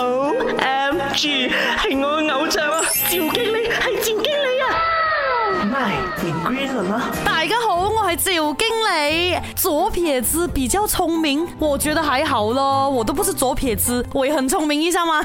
好，M G 係我嘅偶像啊，趙經理係趙經理啊，My Green 啦大家好，我係趙經理，左撇子比較聰明，我覺得還好咯，我都不是左撇子，我也很聰明一下，你知嘛。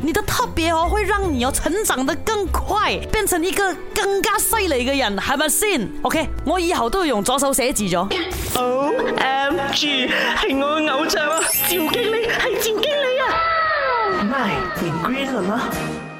你的特別哦，會讓你哦成長得更快，變成一個更加犀利嘅人，係咪先？OK，我以後都會用左手寫字咗。OMG，係我嘅偶像啊！趙經理，係趙經理啊、oh.！My green 啦。